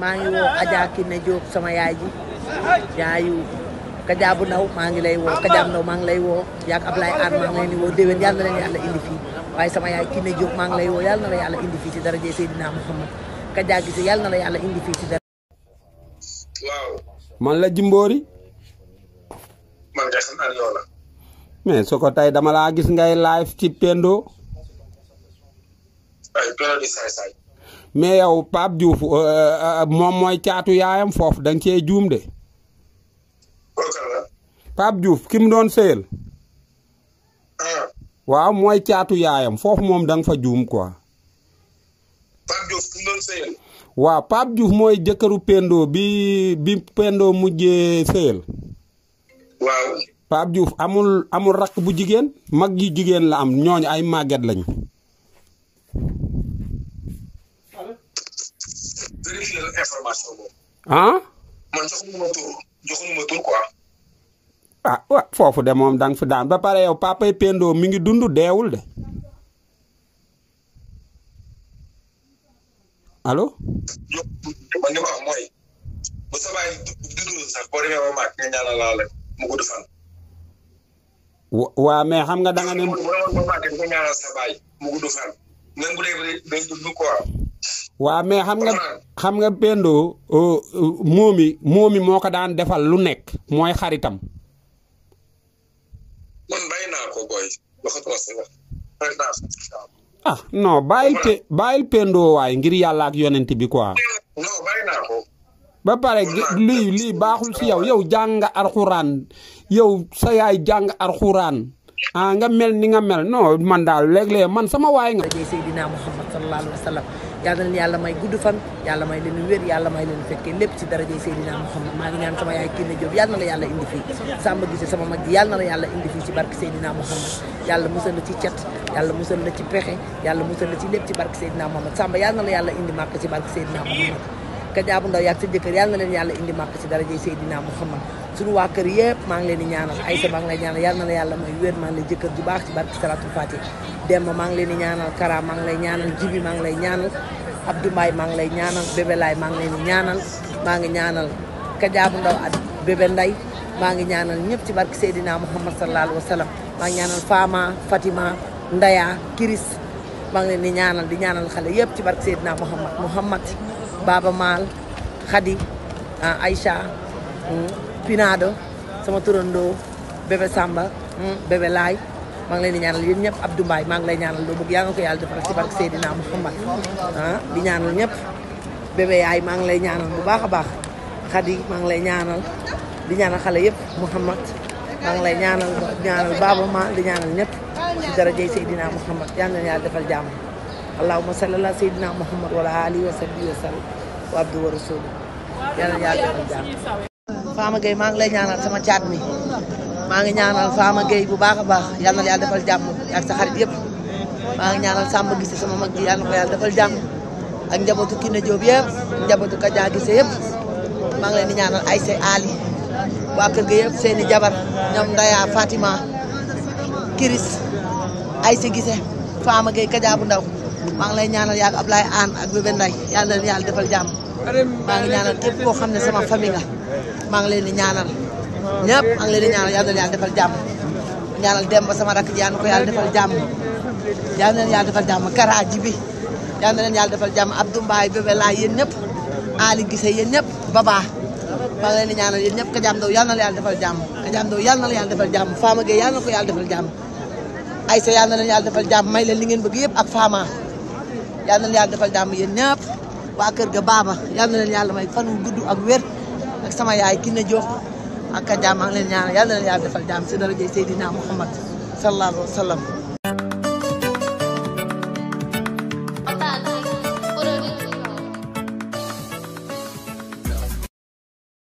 maa ngi woo Adja Kiné Diop sama yaay ji yaayu Kaja ndaw maa ngi lay woo Kaja ndaw maa ngi lay woo yaag Ablaye Aan maa leen di woo déwén yàlla na leen yàlla indi fii waaye sama yaay Kiné Diop maa ngi lay woo yàlla na la yàlla indi fii ci daraja Seydina Muhammad la yàlla indi man la Jimbori man soo ko tey dama laa gis ngay live ci Pendo mais yow Pape Diouf euh, euh, euh, moom mooy caatu yaayam foofu da nga cee juum de. Ah. Pape Diouf ki mu doon sëyal. waaw mooy caatu yaayam foofu moom da fa juum quoi. Pape Diouf ki waaw Pape Diouf mooy jëkkëru pendoo bi bi Pendo mujjee sëyal. waaw. Pape amul amul rakk bu jigéen mag yi jigéen la am ñooñu ay màgget lañu. la information boobu. ah. man joxuñu ma tur joxuñu ma tur quoi. ah wa foofu de moom da nga fi daan ba pare yow papay Pendo mi ngi dund deewul de. allo. man li ma wax mooy bu sa baay sax boo demee ba nga laa la mu waa mais xam nga da nga ne. ba nga sa baay mu day dund quoi. waa mais xam nga xam nga pendoo euh, euh, moomi moomi moo ko daan defal lu nekk mooy xaritam. man ah non bàyyil pe bàyyil Pendo waay ngir yàlla ak bi quoi. non ba pare lii lii baaxul ci yow yow jàng nga arxuraan yow sa yaay jàng arxuraan ah nga mel ni nga mel non man daal léeg-léeg man sama waay nga. yàlla na leen yàlla may gudd fan yàlla may leen wér yàlla may leen fekkee lépp ci daraja Seydina Muhammad maa ngi ñaan sama yaay Kiné na la yàlla indi fii Samba Guissé sama mag ji yàlla na la la ci cet yàlla musal la ci lépp ci barke Seydina Muhammad Samba maa ngi ñaanal Aïssa maa ngi leen ñaanal Jibi maa ngi lay ñaanal Abdou Mbaye maa ngi lay ñaanal bébé laay maa ngi leen ñaanal maa ngi ñaanal kajaabu ndaw ak bébé nday maa ngi ñaanal ñëpp ci barke Seydina Muhammad sallallahu alayhi wa sallam maa ngi ñaanal Fama Fatima Ndaya Kiris maa ngi leen di ñaanal di ñaanal xale yëpp ci barke Seydina Muhammad Muhammad Baba Maal Khady ah, Aïcha hmm, Pinado sama turandoo bébé Samba hmm, bébé laay maa ngi leen ñaanal yéen ñëpp Abdou Mbaye maa ngi lay ñaanal loo bëgg yàlla na ko yàlla defal ci barke Seydina Mouhamad ah, di ñaanal ñëpp bébé maa ngi lay ñaanal bu baax a baax Khady maa ngi lay ñaanal di ñaanal xale yëpp Mouhamad maa ngi lay ñaanal ñaanal Baba ma di ñaanal ñëpp ci darajay Seydina Mouhamad yal na yàlla defal jàmm allahumma salli ala Seydina Mouhamad wala alihi wa sahbihi wa sallam wa abdu wa rasul yal na yàlla defal jàmm Fama maa ngi lay ñaanal sama caat mi maa ngi ñaanal Fama Gueye bu baax a baax yal na yàlla defal jàmm ak sa xarit yëpp maa ngi ñaanal Samba Guissé sama mag ji yal na ko yàlla defal jàmm ak njabootu Kiné Diop yëpp njabootu Kaja Guissé yëpp maa ngi leen di ñaanal Aïssé Ali waa kër ga yëpp jabar ñoom Ndaya Fatima Kiris Aïssé bu ndaw maa ngi ñaanal yaa ak Ablaye Anne ak bébé Nday yal na defal jàmm maa ngi ñaanal képp koo xam ne sama famille maa ngi leen di ñaanal ñëpp maa ngi leen di ñaanal yàlla na yàlla defal jàmm ñaanal dem ba sama rakk ji yàlla na ko yàlla defal jàmm yàlla na leen yàlla defal jàmm karaaji bi yàlla na leen yàlla defal jàmm Abdou Mbaye bébé laa yéen ñëpp Ali Gise yéen ñëpp Baba maa ngi leen di ñaanal yéen ñëpp ka jàmm daw yàlla na la yàlla defal jàmm ka jàmm daw yàlla na la yàlla defal jàmm Fama Gueye yàlla na ko yàlla defal jàmm Aïssa yàlla na leen yàlla defal jàmm may leen li ngeen bëgg yëpp ak Fama yàlla na leen yàlla defal jàmm yéen ñëpp waa kër ga Baba yàlla na leen yàlla may fan wu gudd ak wér ak sama yaay Kiné Diop ak jàmm maa ngi leen ñaanal yàlla na leen yàlla defal jàmm si daraja Seydina Muhammad sallallahu alayhi wa sallam